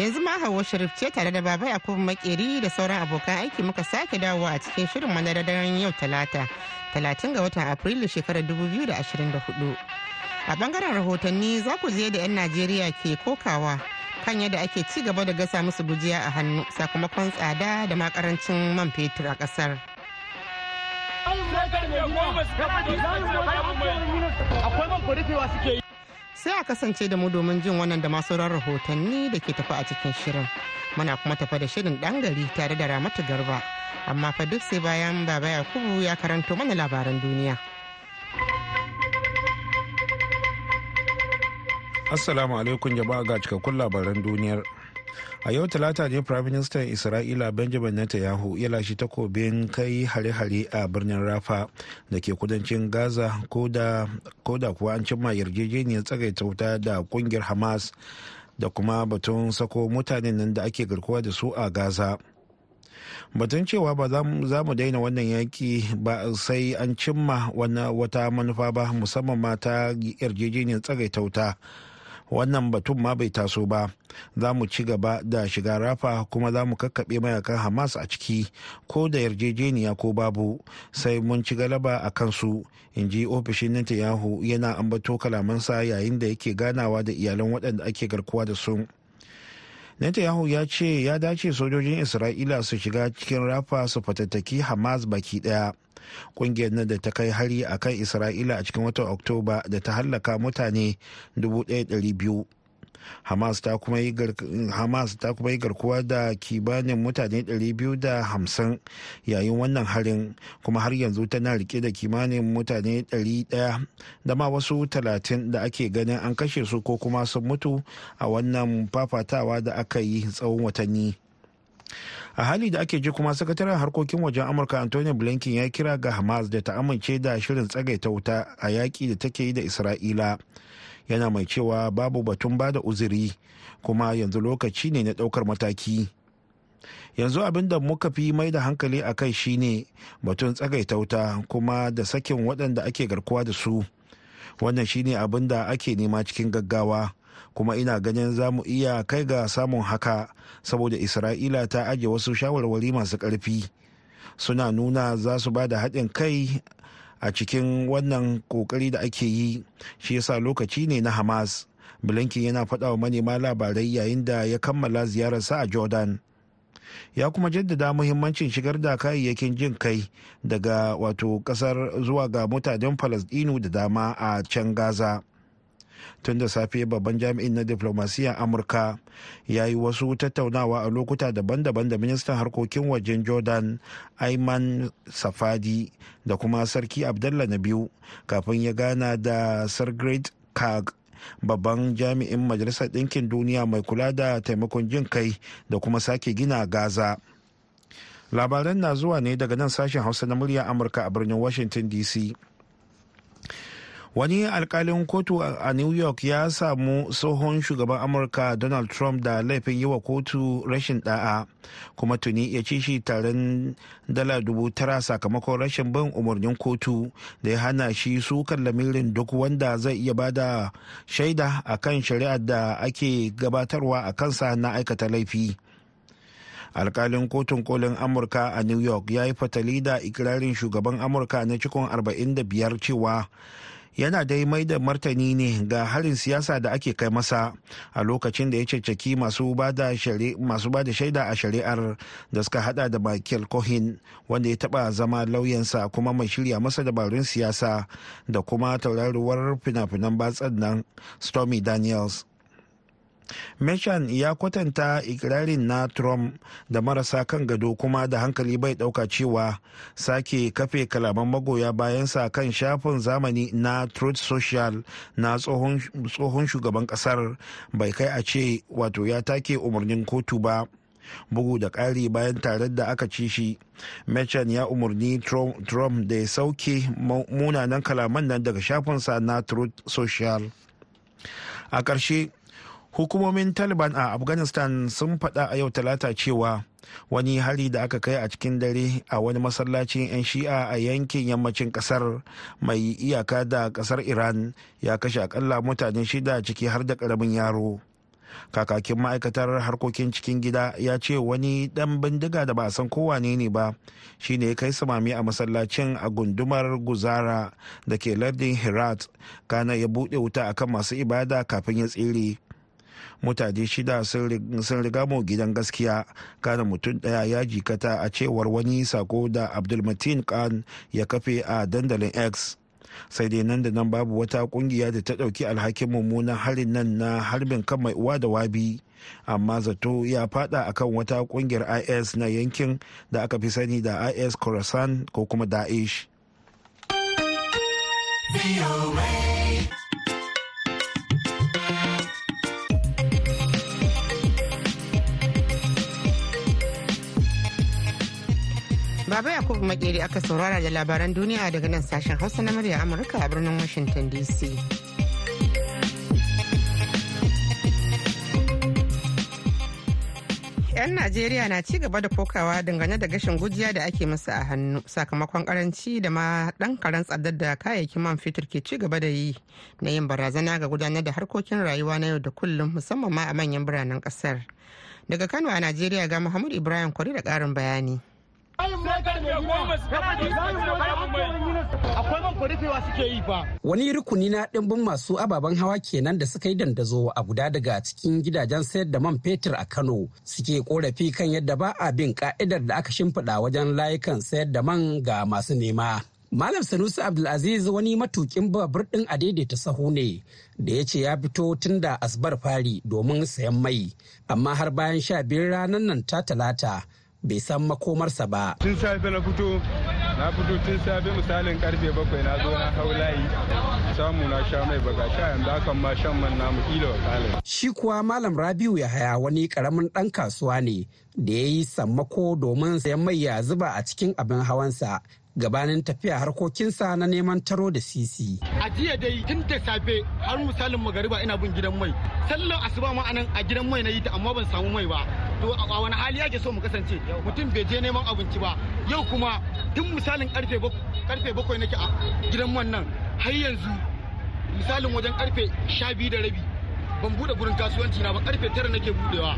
yanzu ma hawa sharif ce tare da baba yakubu makeri da sauran abokan aiki muka sake dawowa a cikin shirin mana da daren yau talata talatin ga watan afrilu shekarar 2024 a bangaren rahotanni za ku je da 'yan najeriya ke kokawa kan yadda ake ci gaba da gasa musu gujiya a hannu sakamakon tsada da makarancin man fetur a kasar akwai sai a kasance da mu domin jin wannan da masu rahotanni da ke tafi a cikin shirin muna kuma tafa da shirin ɗan gari tare da ramatu garba amma fa duk sai bayan baba yakubu ya karanto mana labaran duniya assalamu alaikum jama'a ga cikakkun labaran duniyar a yau talata ne prime minister isra'ila benjamin netanyahu ya lashe takobin kai hare-hare a birnin rafa da ke kudancin gaza ko da kuwa an cimma yarjejeniyar tsagaita wuta da kungiyar hamas da kuma batun sako mutanen nan da ake garkuwa da su a gaza batun cewa ba za mu daina wannan yaki ba sai an cimma wata manufa ba musamman mata yarjejeniyar tsagaita wuta wannan batun ma bai taso ba za mu ci gaba da shiga rafa kuma za mu kakkaɓe mayakan hamas a ciki ko da yarjejeniya ko babu sai mun ci galaba a kansu in ji ofishin netanyahu yana ambato kalamansa yayin da yake ganawa da iyalan waɗanda ake garkuwa da su netanyahu ya ce ya dace sojojin isra'ila su shiga cikin rafa su fatattaki hamas baki daya kungiyar nan da ta kai hari a kan isra'ila a cikin watan oktoba da ta hallaka mutane 1200 hamas ta kuma yi garkuwa da kibanin mutane 250 yayin wannan harin kuma har yanzu tana rike da kimanin mutane 100 da ma wasu 30 da ake ganin an kashe su ko kuma sun mutu a wannan fafatawa da aka yi tsawon watanni a hali da ake ji kuma sakataren harkokin wajen amurka antonio blinken ya kira ga hamas da ta amince da shirin tsagaita wuta a yaƙi da take yi da isra'ila yana mai cewa babu batun ba da uzuri kuma yanzu lokaci ne na ɗaukar mataki yanzu abin da muka fi mai da hankali a kai shine batun tsagaitauta kuma da sakin waɗanda ake garkuwa da su wannan shine abin da ake nema cikin gaggawa kuma ina ganin za mu iya kai ga samun haka saboda isra'ila ta ajiye wasu shawarwari masu ƙarfi suna nuna za su ba da haɗin kai a cikin wannan kokari da ake yi shi yasa lokaci ne na hamas blinken yana faɗa wa manema labarai yayin da ya kammala ziyararsa a jordan ya kuma jaddada muhimmancin shigar da kayayyakin jin kai daga wato kasar zuwa ga mutanen Falasɗinu da dama a can gaza tun da safe babban jami'in na diplomasiyyar amurka ya yi wasu tattaunawa a lokuta daban-daban da ministan harkokin wajen jordan ayman safadi da kuma sarki abdullah na biyu kafin ya gana da great kag babban jami'in majalisar ɗinkin duniya mai kula da taimakon jin kai da kuma sake gina gaza labaran na zuwa ne daga nan sashen hausa na murya amurka a birnin washington dc wani alkalin kotu a new york ya samu tsohon shugaban amurka donald trump da laifin yi wa kotu rashin da'a kuma tuni ya ci shi taron dala dubu tara sakamakon rashin bin umarnin kotu da ya hana shi sukan lamirin duk wanda zai iya bada shaida a kan shari'ar da ake gabatarwa a kansa na aikata laifi. alkalin kotun kolin amurka a new york ya yi fatali da ikirarin shugaban amurka na cikon 45 cewa yana dai mai da martani ne ga harin siyasa da ake kai masa a lokacin da ya caccaki masu ba da shaida a shari'ar da suka hada da Michael Cohen wanda ya taba zama lauyansa kuma mai shirya masa dabarun siyasa da kuma tauraruwar fina-finan batsan nan Stormy Daniels. meshan ya kwatanta ikirarin na trump da marasa kan gado kuma da hankali bai dauka cewa sake kafe kalaman magoya bayansa kan shafin zamani na truth social na tsohon shugaban kasar bai kai a ce wato ya take umarnin kotu ba bugu da ƙari bayan tare da aka ci shi mechan ya umarni trump da ya sauke munanan kalaman nan daga shafinsa na truth social a ƙarshe hukumomin taliban a afghanistan sun faɗa a yau talata cewa wani hari da aka kai a cikin dare a wani masallacin 'yan shi'a a yankin yammacin kasar mai iyaka da kasar iran ya kashe akalla mutane shida ciki har da karamin yaro kakakin ma'aikatar harkokin cikin gida ya ce wani dan bindiga da ba a san kowane ne ba shine ya kai samami a masallacin a gundumar guzara da ke lardin herat kana ya buɗe wuta akan masu ibada kafin ya tsere mutane shida sun riga mu gidan gaskiya kana mutum daya ya jikata a cewar wani sako da abdulmatin khan ya kafe a dandalin x sai dai nan da nan babu wata kungiya da ta ɗauki alhakin mummunan harin nan na harbin kan mai uwa da wabi amma zato ya fada akan wata kungiyar is na yankin da aka fi sani da is khorasan ko kuma daesh Baba Yakubu Makeri aka saurara da labaran duniya daga nan sashen Hausa na murya Amurka a birnin Washington DC. yan najeriya na ci gaba da kokawa dangane da gashin gujiya da ake musu a hannu sakamakon karanci da ma dan karan tsadar da kayayyakin man fitur ke ci gaba da yi na yin barazana ga gudanar da harkokin rayuwa na yau da kullum musamman ma a manyan biranen kasar daga kano a najeriya ga muhammad ibrahim kwari da karin bayani Wani rukuni na ɗimbin masu ababen hawa kenan da suka yi dandazo a guda daga cikin gidajen sayar da man fetur a Kano suke korafi kan yadda ba a bin ka'idar da aka shimfiɗa wajen layukan sayar da man ga masu nema. Malam Sanusi Abdulaziz wani matukin babur ɗin a daidaita sahu ne da ya ce ya fito tun da asbar fari domin sayan mai, amma har bayan sha biyar ranar nan ta talata bai san makomarsa ba. Tun safe na fito, na fito tun safe misalin karfe bakwai na zo na hau layi samu na sha mai baga sha yanzu hakan ma shan man namu kilo kalin. Shi kuwa Malam Rabiu ya haya wani karamin ɗan kasuwa ne da ya yi sammako domin sayan mai ya zuba a cikin abin hawansa gabanin tafiya harkokinsa na neman taro da sisi. A jiya dai tun da safe har misalin magariba ina bin gidan mai. Sallan asuba ma anan a gidan mai na yi ta amma ban samu mai ba. To a wani hali yake so mu kasance mutum bai je neman abinci ba. Yau kuma tun misalin karfe bakwai nake a gidan man nan har yanzu misalin wajen karfe sha biyu da rabi ban bude gurin kasuwanci na ba karfe tara nake budewa.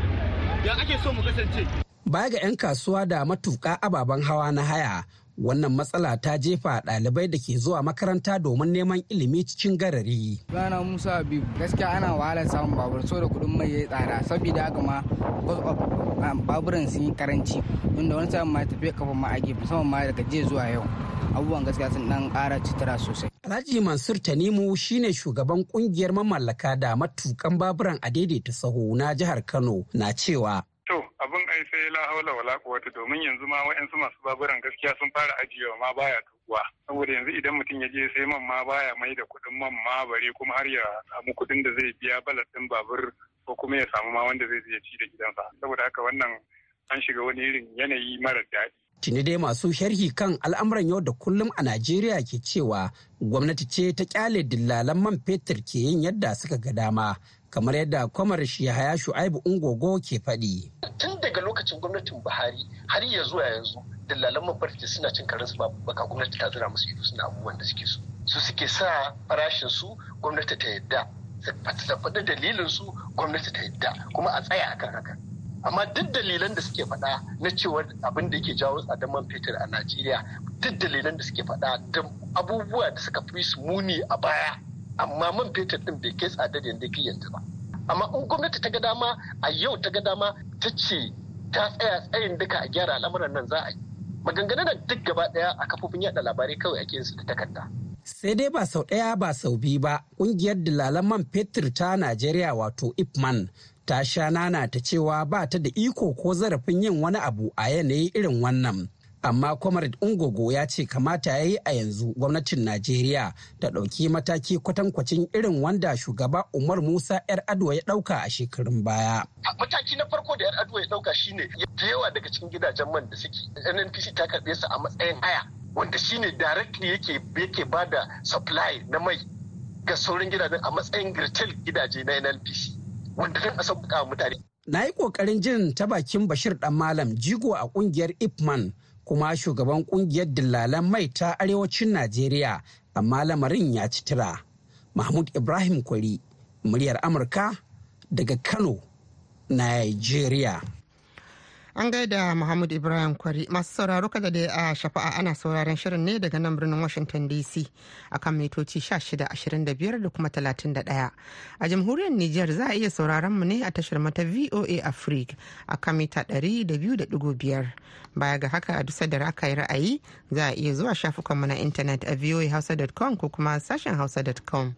Ya ake so mu kasance. Baya ga 'yan kasuwa da matuƙa ababen hawa na haya wannan matsala ta jefa ɗalibai da ke zuwa makaranta domin neman ilimi cikin garari. Rana Musa Habib gaskiya ana wahalar samun babur so da kuɗin mai yi tsada saboda haka ma um, baburan sun yi karanci inda wani samun ma tafiya kafa ma ake musamman ma daga jiya zuwa yau abubuwan gaskiya sun dan ƙara citara sosai. Alhaji Mansur Tanimu shine shugaban kungiyar mamallaka da matukan baburan a daidaita saho na jihar Kano na cewa haula wala quwwata domin yanzu ma wa'ansu masu baburan gaskiya sun fara ajiyewa ma baya tukuwa saboda yanzu idan mutum ya je sai man ma baya mai da kuɗin man ma bare kuma har ya samu kuɗin da zai biya balas ɗin babur ko kuma ya samu ma wanda zai je ci da gidansa saboda haka wannan an shiga wani irin yanayi mara daɗi Tuni dai masu sharhi kan al'amuran yau da kullum a Najeriya ke cewa gwamnati ce ta kyale dillalan man fetur ke yin yadda suka ga dama kamar yadda kwamar shi haya shu'aibu ungogo ke faɗi. tun daga lokacin gwamnatin buhari har ya zuwa yanzu dillalan mafarki suna cin karin su baka gwamnati ta zira musu ido suna abubuwan da suke so su suke sa farashin su gwamnati ta yadda ta faɗi dalilin su gwamnati ta yadda kuma a tsaya akan haka amma duk dalilan da suke faɗa na cewa abin da yake jawo tsadar man fetur a najeriya duk dalilan da suke faɗa da abubuwa da suka fi su muni a baya amma man fetur din bai kai da yadda kiyan yanzu ba amma in gwamnati ta ga dama a yau ta ga dama ta ce ta tsaya tsayin duka a gyara al'amuran nan za a yi maganganun da duk gaba daya a kafofin yaɗa labarai kawai ake su da takarda sai dai ba sau ɗaya ba sau biyu ba ƙungiyar dilalan man fetur ta najeriya wato ipman ta sha nana ta cewa ba ta da iko ko zarafin yin wani abu a yanayi irin wannan amma comrade ungogo ya ce kamata ya yi a yanzu gwamnatin najeriya ta ɗauki mataki kwatankwacin irin wanda shugaba umar musa yar adwa ya ɗauka a shekarun baya mataki na farko da yar adwa ya ɗauka shine da yawa daga cikin gidajen man da suke nnpc ta karɓe su a matsayin haya wanda shine directly yake yake ba da supply na mai ga sauran gidajen a matsayin gritel gidaje na nnpc wanda zai sauƙaƙa mutane na yi ƙoƙarin jin ta bakin bashir dan malam jigo a ƙungiyar ipman kuma shugaban kungiyar dillalan mai ta arewacin najeriya amma lamarin ya ci tira mahmud ibrahim kwari muryar amurka daga kano nigeria An gaida Muhammad Ibrahim Kwari masu sauraro kada da a shafa'a ana sauraron shirin ne daga nan birnin Washington DC akan mitoci 1625 da kuma 31. A jamhuriyar niger za a iya sauraron mu ne a tashar mata VOA Africa kan mita 200.5. Baya ga haka a dusa da raka yi ra'ayi za a iya zuwa shafukanmu na intanet a voahausa.com ko kuma sashen hausa.com.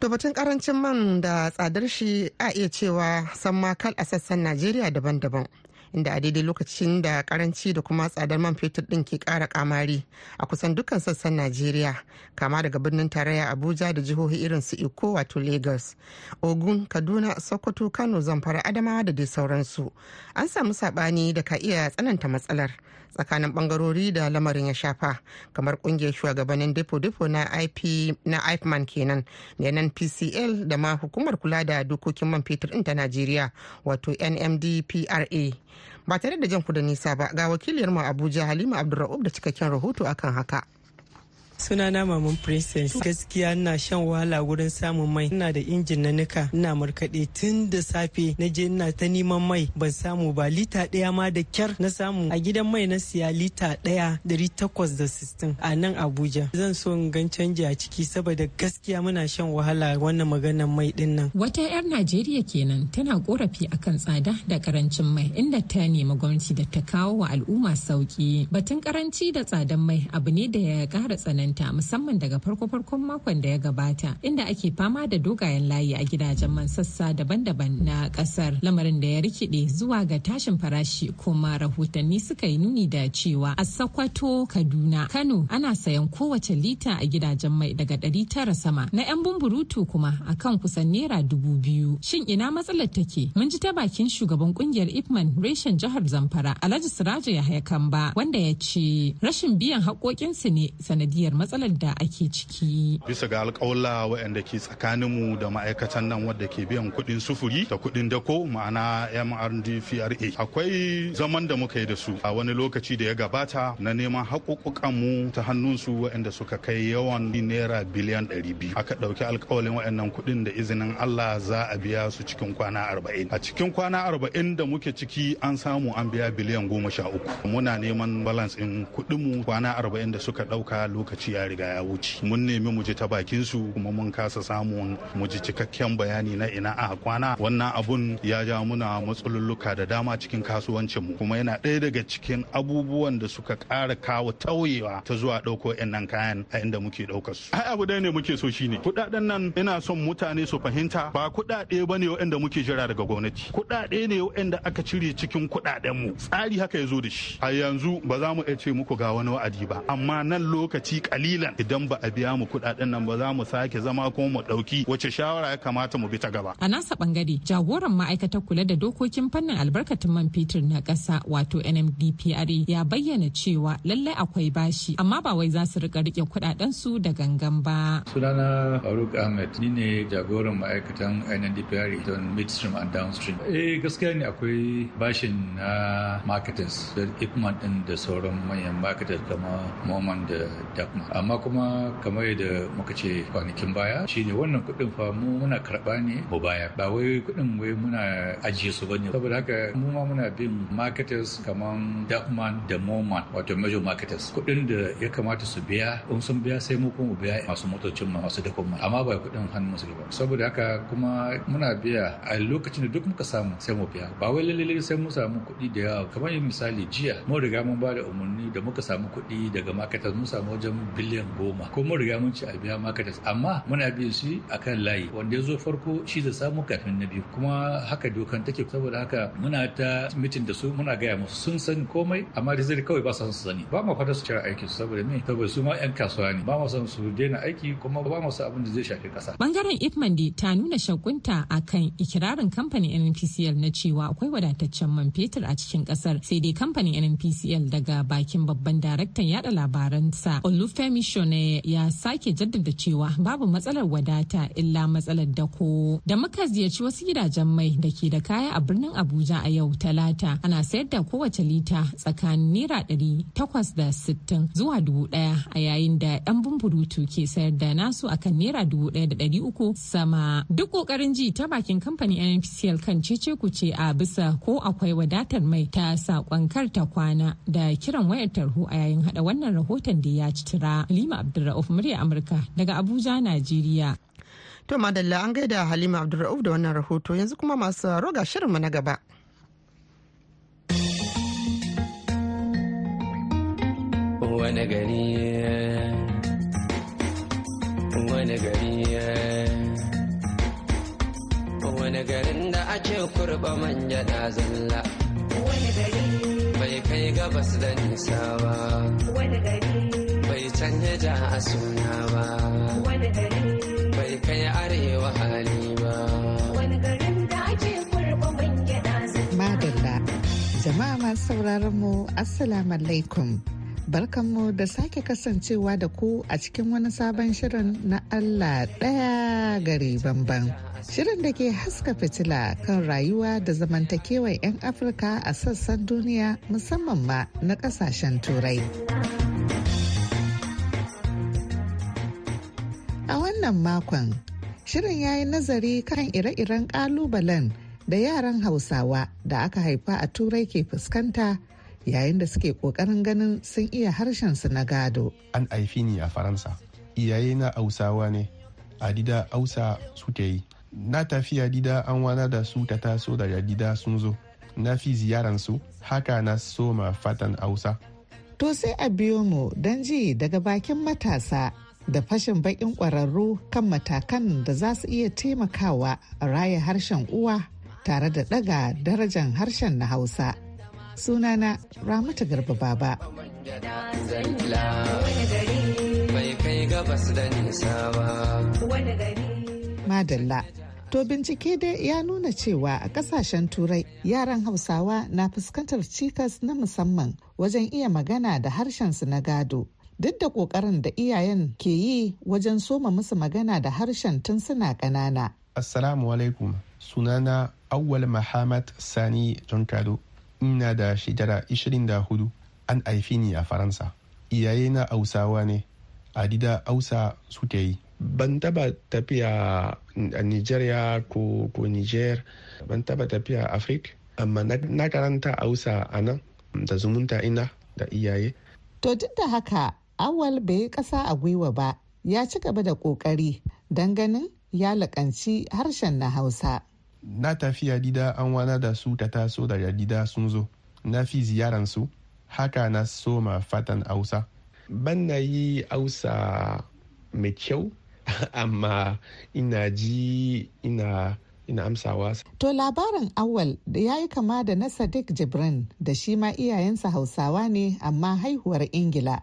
To batun karancin man da tsadar shi a iya cewa san makal a sassan Najeriya daban-daban inda a daidai lokacin da karanci da kuma tsadar man fetur din ke kara kamari a kusan dukkan sassan najeriya kama daga birnin tarayya abuja da jihohi irin su iko wato lagos ogun kaduna sokoto kano zamfara adamawa da dai sauransu an samu sabani da ka iya tsananta matsalar tsakanin bangarori da lamarin ya shafa kamar kungiyar shugabannin depo-depo na ip na ipman kenan da pcl da ma hukumar kula da dokokin man fetur ta najeriya wato nmdpra ba tare da jan ku da nisa ba ga wakiliyar mu abuja halima abdulra'ub da cikakken rahoto akan haka sunana maman princess gaskiya ina shan wahala wurin samun mai ina da injin na nika ina markaɗe tun da safe na je ina ta neman mai ban samu ba lita ɗaya ma da kyar na samu a gidan mai na siya lita ɗaya dari takwas da sistin a nan abuja zan so in gan canji a ciki saboda gaskiya muna shan wahala wannan maganar mai din nan wata yar najeriya kenan tana korafi akan tsada da karancin mai inda ta nemi gwamnati da ta kawo wa al'umma sauki batun karanci da tsadan mai abu ne da ya kara tsanani makaranta musamman daga farko-farkon makon da ya gabata inda ake fama da dogayen layi a gidajen man sassa daban-daban na kasar lamarin da ya rikide zuwa ga tashin farashi kuma rahotanni suka yi nuni da cewa a sakwato kaduna kano ana sayan kowace lita a gidajen mai daga ɗari tara sama na 'yan bumburutu kuma a kan kusan naira dubu biyu shin ina matsalar take mun ji ta bakin shugaban kungiyar ipman reshen jihar zamfara alhaji siraja yahaya kamba wanda ya ce rashin biyan haƙoƙinsu ne sanadiyar matsalar da ake ciki. Bisa ga alkawala waɗanda ke tsakaninmu da ma'aikatan nan wadda ke biyan kuɗin sufuri da kuɗin dako ma'ana MRDFRA. Akwai zaman da muka yi da su a wani lokaci da ya gabata na neman haƙuƙuƙanmu ta hannunsu waɗanda suka kai yawan naira biliyan ɗari biyu. Aka ɗauki alkawalin waɗannan kuɗin da izinin Allah za a biya su cikin kwana arba'in. A cikin kwana arba'in da muke ciki an samu an biya biliyan goma sha uku. Muna neman balance ɗin kuɗinmu kwana arba'in da suka ɗauka lokaci. lokaci ya riga ya wuce mun nemi mu ji ta bakin su kuma mun kasa samun mu ji cikakken bayani na ina a kwana wannan abun ya ja muna matsalolluka da dama cikin kasuwancin mu kuma yana ɗaya daga cikin abubuwan da suka ƙara kawo tauyewa ta zuwa ɗauko yan kayan a inda muke ɗaukar su ai abu ne muke so shine kuɗaɗen nan ina son mutane su fahimta ba kuɗaɗe ba ne muke jira daga gwamnati kuɗaɗe ne waɗanda aka cire cikin kuɗaɗen mu tsari haka ya zo da shi a yanzu ba za mu iya ce muku ga wani wa'adi ba amma nan lokaci kalilan idan ba a biya mu kuɗaɗen nan ba za mu sake zama ko mu ɗauki wace shawara ya kamata mu bi ta gaba. A nasa bangare jagoran ma'aikatar kula da dokokin fannin albarkatun man fetur na kasa wato NMDPRA ya bayyana cewa lallai akwai bashi amma ba wai za su rika rike kuɗaɗen su da gangan ba. Sunana Faruk Ahmed ni ne jagoran ma'aikatan NNDPRA don midstream and downstream. Eh gaskiya ne akwai bashin na marketers da equipment din da sauran manyan marketers kama Moman da Dapman. Ama amma kuma kamar yadda muka ce kwanakin baya shine wannan kuɗin fa mu muna karɓa ne mu baya ba wai kuɗin wai muna ajiye su bane saboda haka mu ma muna bin marketers kaman Dapman da Moman wato major marketers kuɗin da ya kamata su biya in sun biya sai mu kuma mu biya masu motocin ma masu dakon ma amma ba kuɗin hannun su ba saboda haka kuma muna biya a lokacin da duk muka samu sai mu biya ba wai lalle sai mu samu kuɗi da yawa kamar misali jiya mun riga mun ba da umarni da muka samu kuɗi daga marketers mun samu wajen biliyan goma ko mun riga mun ci a biya maka da amma muna bin shi akan layi wanda ya zo farko shi da samu kafin na biyu kuma haka dokan take saboda haka muna ta mitin da su muna gaya musu sun san komai amma da zai kawai ba su sani ba mu fata su cire aikin saboda me saboda su ma yan kasuwa ne ba mu san su daina aiki kuma ba mu san abin da zai shafi kasa bangaren ifmandi ta nuna shakunta akan ikirarin kamfanin NNPCL na cewa akwai wadataccen man fetur a cikin kasar sai dai kamfanin NNPCL daga bakin babban daraktan yada labaransa Oluf Commission ya sake jaddada cewa babu matsalar wadata illa matsalar dako da muka ziyarci wasu gidajen mai da ke da kaya a birnin abuja a yau talata ana sayar da kowace lita tsakanin naira ɗari takwas da sittin zuwa dubu ɗaya a yayin da yan bumburutu ke sayar da nasu akan naira dubu ɗaya da ɗari uku sama duk ƙoƙarin ji ta bakin kamfanin nfcl kan cece ku ce a bisa ko akwai wadatar mai ta saƙon kar ta kwana da kiran wayar tarho a yayin haɗa wannan rahoton da ya ci tura Amurka. Halima Abdulra'uf murya Amurka daga Abuja, Najeriya. To madalla an gaida Halima Abdulra'uf da wannan rahoto yanzu kuma masu roga shirinmu na gaba. Wani gari wani gari wani garin da ake kurba manja da zalla wani gari bai kai gabas da nisa ba wani gari sanya ja a suna ba bai kai arewa hali ba madalla jama'a masu sauraron mu assalamu alaikum barkanmu da sake kasancewa da ku a cikin wani sabon shirin na Allah ɗaya gari bamban. Shirin da ke haska fitila kan rayuwa da zamantakewar 'yan Afirka a sassan duniya musamman ma na kasashen Turai. wannan makon shirin ya yi nazari kan ire-iren kalubalen da yaran hausawa da aka haifa a turai ke fuskanta yayin da suke kokarin ganin sun iya harshen su na gado an haifi ni a faransa iyaye na hausawa ne a dida hausa ta yi na tafiya dida an wana da su ta taso daga dida sun zo na fi ziyaransu haka na soma fatan hausa to sai a biyo mu don ji daga bakin matasa da fashin baƙin ƙwararru kan matakan da za su iya taimakawa raya harshen uwa tare da ɗaga darajan harshen na Hausa. Sunana ramata Garba Baba. Madalla. To bincike dai ya nuna cewa a kasashen turai yaran hausawa na fuskantar cikas na musamman wajen iya magana da harshen su na gado duk da ƙoƙarin da iyayen ke yi wajen soma musu magana da harshen tun suna ƙanana. Assalamu alaikum sunana Awwal Muhammad Sani Jonkado ina da shekara 24 an haifi ni a Faransa. iyaye na Hausawa ne, a dida Hausa suke yi. ban taba tafiya a nigeria ko ko niger ban taba tafiya a afirka amma na karanta hausa a nan da zumunta ina da iyaye to duk da haka awal bai yi ƙasa a gwiwa ba ya ci gaba da kokari don ganin ya laƙanci harshen na hausa na tafi yadida an wana da su ta taso da yadida sun zo na fi ziyaran su haka na soma fatan hausa ban na yi hausa mai kyau amma ina ji ina ina amsawa. To labarin awal da ya yi kama da na Sadiq Jibrin da shi ma iyayensa Hausawa ne amma haihuwar Ingila.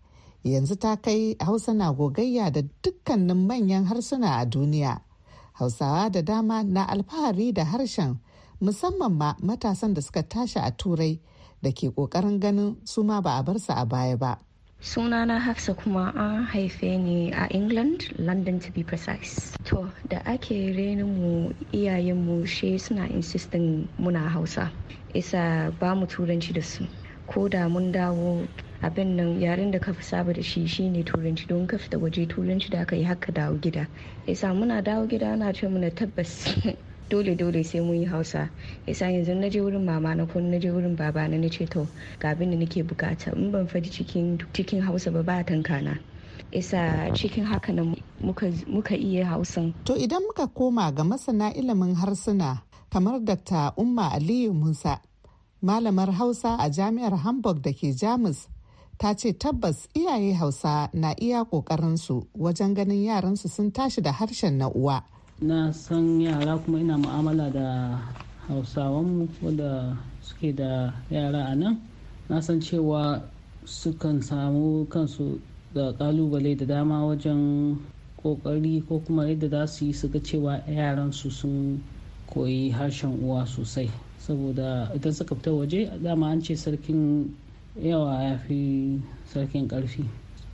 yanzu ta kai hausa na gogayya da dukkanin manyan harsuna a duniya hausawa da dama na alfahari da harshen musamman ma matasan da suka tashi a turai da ke kokarin ganin su ma ba a bar su a baya ba sunana hafsa kuma an haife ni a england london to be precise to da ake mu iyayenmu she suna insistin muna hausa isa ba mu turanci da su ko da mun dawo abin nan yaren da ka fi saba da shi shine turanci don ka fita waje turanci da aka yi haka dawo gida isa muna dawo gida ana ce muna tabbas dole dole sai mun yi hausa isa yanzu na je wurin mama na ko na je wurin baba na ce to ga abin da nake bukata in ban fadi cikin cikin hausa ba ba tankana isa cikin haka nan muka iya hausan to idan muka koma ga masana ilimin harsuna kamar dr umma aliyu musa malamar hausa a jami'ar hamburg da ke jamus ta ce tabbas iyaye hausa na iya ƙoƙarinsu wajen ganin yaransu sun tashi da harshen na uwa. na san yara kuma ina mu'amala da hausawanmu wanda suke da yara a nan na san cewa sukan samu kansu da kalubale da dama wajen kokari ko kuma yadda za su yi su ga cewa yaransu sun koyi harshen uwa sosai saboda idan suka fita waje dama an ce sarkin yawa ya fi sarkin ƙarfi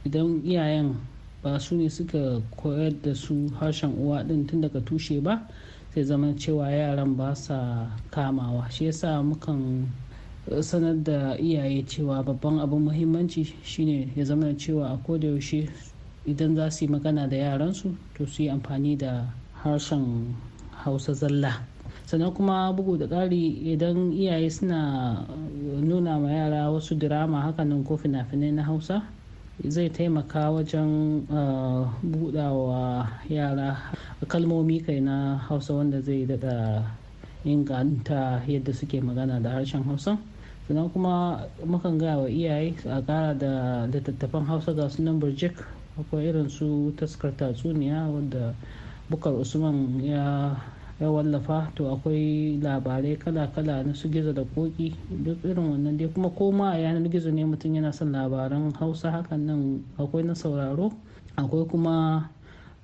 idan iyayen ba su ne suka koyar da su harshen uwa ɗin tun daga tushe ba sai zama cewa yaran ba sa kamawa shi yasa mukan sanar da iyaye cewa babban abin muhimmanci shine ya zama cewa a kodayaushe idan za su yi magana da yaransu to su yi amfani da harshen hausa zalla sannan kuma bugu da ƙari idan iyaye suna uh, nuna ma yara wasu dirama hakanan ko fina-finai na hausa zai taimaka wajen uh, budawa yara kalmomi kai na hausa wanda zai daɗa inganta yadda suke magana da harshen hausa sannan kuma mukan gaya wa iyaye a ƙara da littattafan hausa ga sunan birjik akwai irin su taskar tatsuniya wadda bukar usman ya ya wallafa to akwai labarai kala-kala na su gizo da koki duk irin wannan dai kuma koma a yanar gizo ne mutum yana son labaran hausa hakan nan akwai na sauraro akwai kuma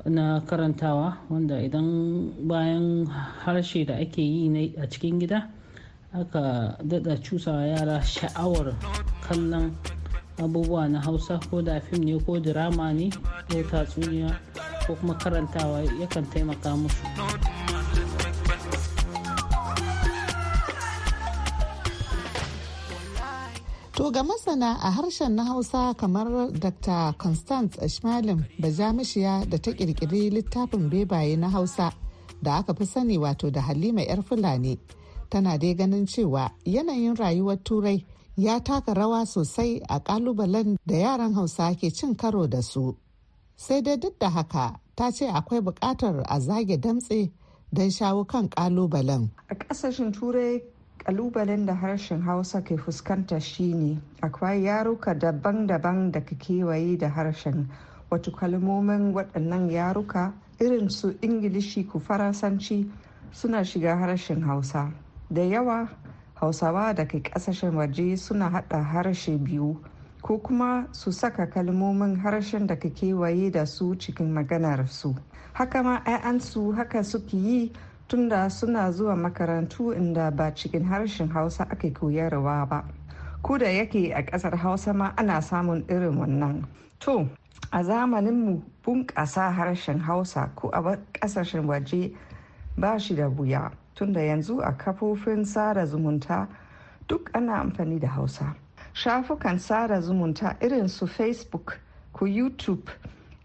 na karantawa wanda idan bayan harshe da ake yi a cikin gida aka dada cusawa yara sha'awar kallon abubuwa na hausa ko da fim ne ko dirama ne ko tatsuniya ko kuma karantawa yakan taimaka musu. To ga masana a harshen na Hausa kamar Dr. Constance Ashmalin Bajamishiya da ta kirkiri littafin bebaye na Hausa da aka fi sani wato da Halima 'yar Fulani tana dai ganin cewa yanayin rayuwar Turai ya taka rawa sosai a kalubalen da yaran Hausa ke cin karo da su. Sai dai duk da haka ta ce akwai buƙatar a zage damtse don shawo kan kalubalen. A ƙasashen Turai kalubalen da harshen hausa ke fuskanta shine akwai yaruka daban-daban da ka kewaye da harshen wato kalmomin waɗannan yaruka irin su ingilishi ku faransanci suna shiga harshen hausa da yawa hausawa da ke ƙasashen waje suna haɗa harshe biyu ko kuma su saka kalmomin harshen da ka kewaye da su cikin maganarsu haka ma 'ya'yansu haka suke yi tunda suna zuwa makarantu inda ba cikin harshen hausa ake koyarwa ba ko da yake a ƙasar hausa ma ana samun irin wannan to a zamaninmu bunƙasa harshen hausa ko a ƙasashen waje ba shi da wuya tunda yanzu a kafofin sada zumunta duk ana amfani da hausa shafukan sada zumunta irin su facebook ko youtube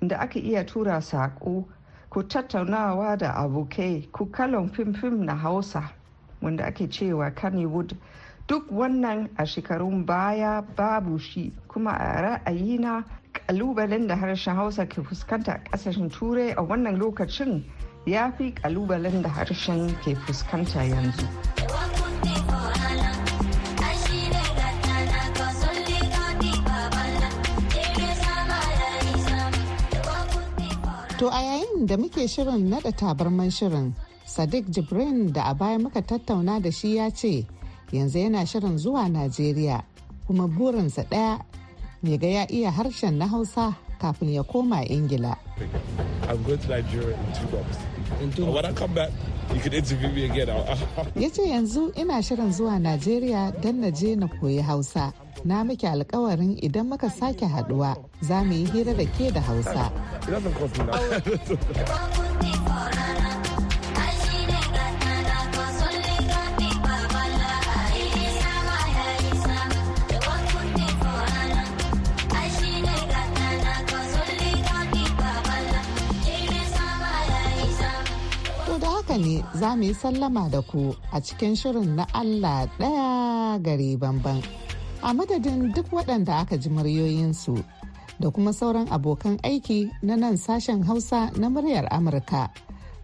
da aka iya tura saƙo ku tattaunawa da abokai ku kalon fim-fim na hausa wanda ake cewa kannywood duk wannan a shekarun baya babu shi kuma a ra'ayina kalubalen da harshen hausa ke fuskanta a kasashen turai a wannan lokacin ya fi kalubalen da harshen ke fuskanta yanzu. To a yayin da muke shirin nada tabarman shirin, Sadiq Jibrin da a baya muka tattauna da shi ya ce yanzu yana shirin zuwa Najeriya kuma burinsa ɗaya ya ga ya iya harshen na Hausa kafin ya koma Ingila. I'm Ya yanzu ina shirin zuwa Najeriya don na je na koyi Hausa. Na miki alkawarin idan muka sake haduwa za mu yi hira da ke da Hausa. ne za mu yi sallama da ku a cikin shirin na Allah ɗaya gari banban. A madadin duk waɗanda aka ji muryoyinsu da kuma sauran abokan aiki na nan sashen Hausa na muryar Amurka.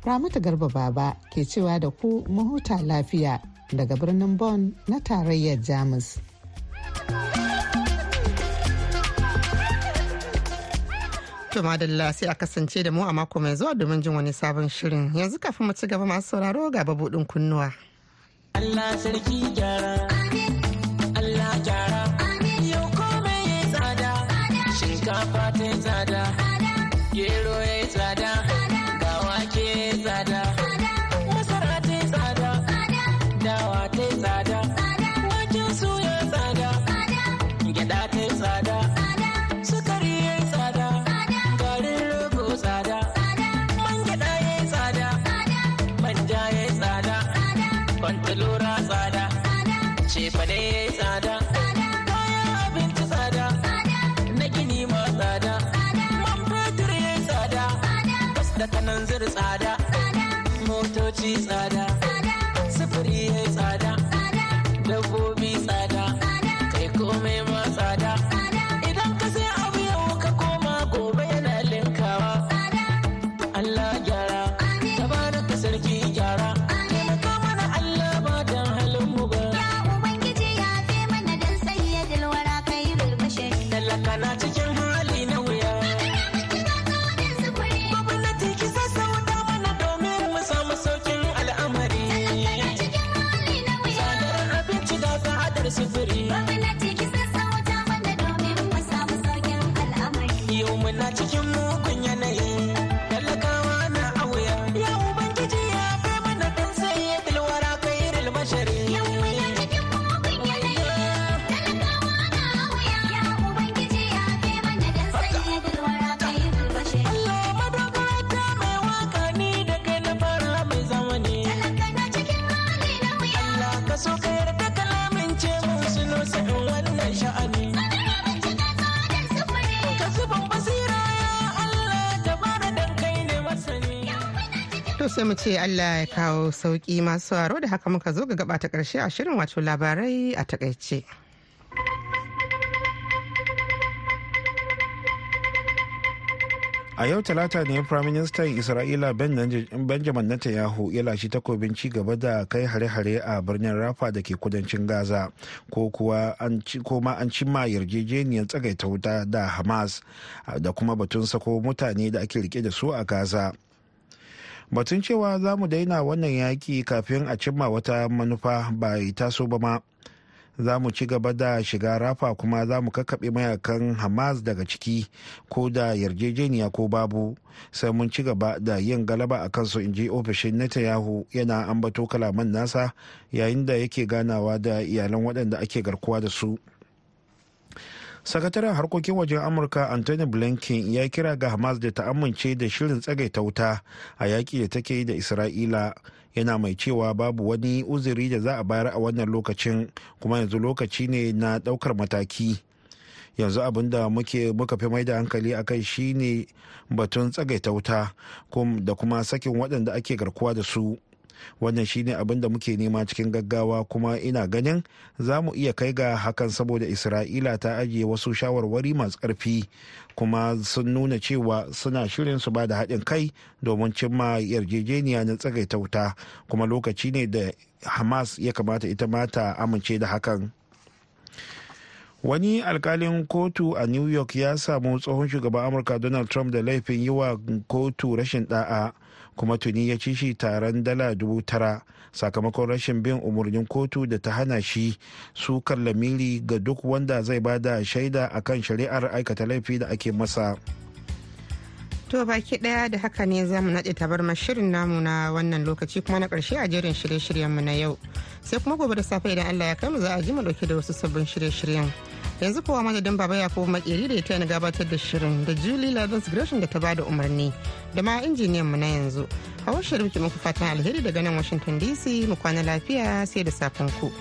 Ramatu Garba Baba ke cewa da ku mahuta lafiya daga birnin Bonn na tarayyar Jamus. To madalla sai a kasance da mu a mako mai zuwa domin jin wani sabon shirin. Yanzu kafin mu ci gaba masu sauraro ga babudin kunnuwa. Allah sarki gyara. Allah gyara. Yau komai ya tsada. Shinkafa ta tsada. Gero ya tsada. To sai mu ce Allah ya kawo sauki masu sauraro da haka muka zo ga gaba ta karshe a shirin wato labarai a takaice. a yau talata ne firaministan isra'ila benjamin netanyahu ya lashe takobin ci gaba da kai hare-hare a birnin rafa da ke kudancin gaza ko kuma an cimma yarjejeniyar tsagaita wuta da hamas da kuma batun sako mutane da ake rike da su a gaza batun cewa za mu daina wannan yaƙi kafin a cimma wata manufa ba taso ba ma za mu ci gaba da shiga rafa kuma za mu kakkaɓe mayakan hamas daga ciki ko da yarjejeniya ko babu sai mun ci gaba da yin galaba a kansu in ji ofishin netanyahu yana ambato kalaman nasa yayin da yake ganawa da iyalan waɗanda ake garkuwa da su. sakataren harkokin wajen amurka anthony blinken ya kira ga hamas da ta amince da shirin tsagaita wuta a yaƙi da take yi da isra'ila yana mai cewa babu wani uzuri da za a bayar a wannan lokacin kuma yanzu lokaci ne na ɗaukar mataki yanzu abin da muka fi mai da hankali a kai shine batun tsagaita wuta da kuma sakin waɗanda ake garkuwa da su wannan shine abin da muke nema cikin gaggawa kuma ina ganin za mu iya kai ga hakan saboda isra'ila ta ajiye wasu shawarwari masu ƙarfi kuma sun nuna cewa suna shirin su ba da haɗin kai domin cimma yarjejeniya na tsagaita wuta kuma lokaci ne da hamas ya kamata ita ma ta amince da hakan wani alkalin kotu a new york ya samu tsohon shugaban amurka donald trump da laifin yi wa kotu rashin da'a kuma tuni ya ci shi taron dala dubu tara sakamakon rashin bin umarnin kotu da ta hana shi sukar lamiri ga duk wanda zai bada shaida a kan shari'ar aikata laifi da ake masa. To baki daya da haka ne za mu naɗe tabar shirin namu na wannan lokaci kuma na karshe a jerin shirye-shiryenmu na yau. Sai kuma gobe da safe idan Allah ya kai mu za a ji mu ɗauke da wasu sabbin shirye-shiryen. yanzu kowa madadin baba ya kuma makeri da ya taya gabatar da shirin da julie ladas gresham da ta da umarni da ma injiniyan mu na yanzu wasu shirin ki muku fatan alheri daga nan washington dc mu kwana lafiya sai da safen ku.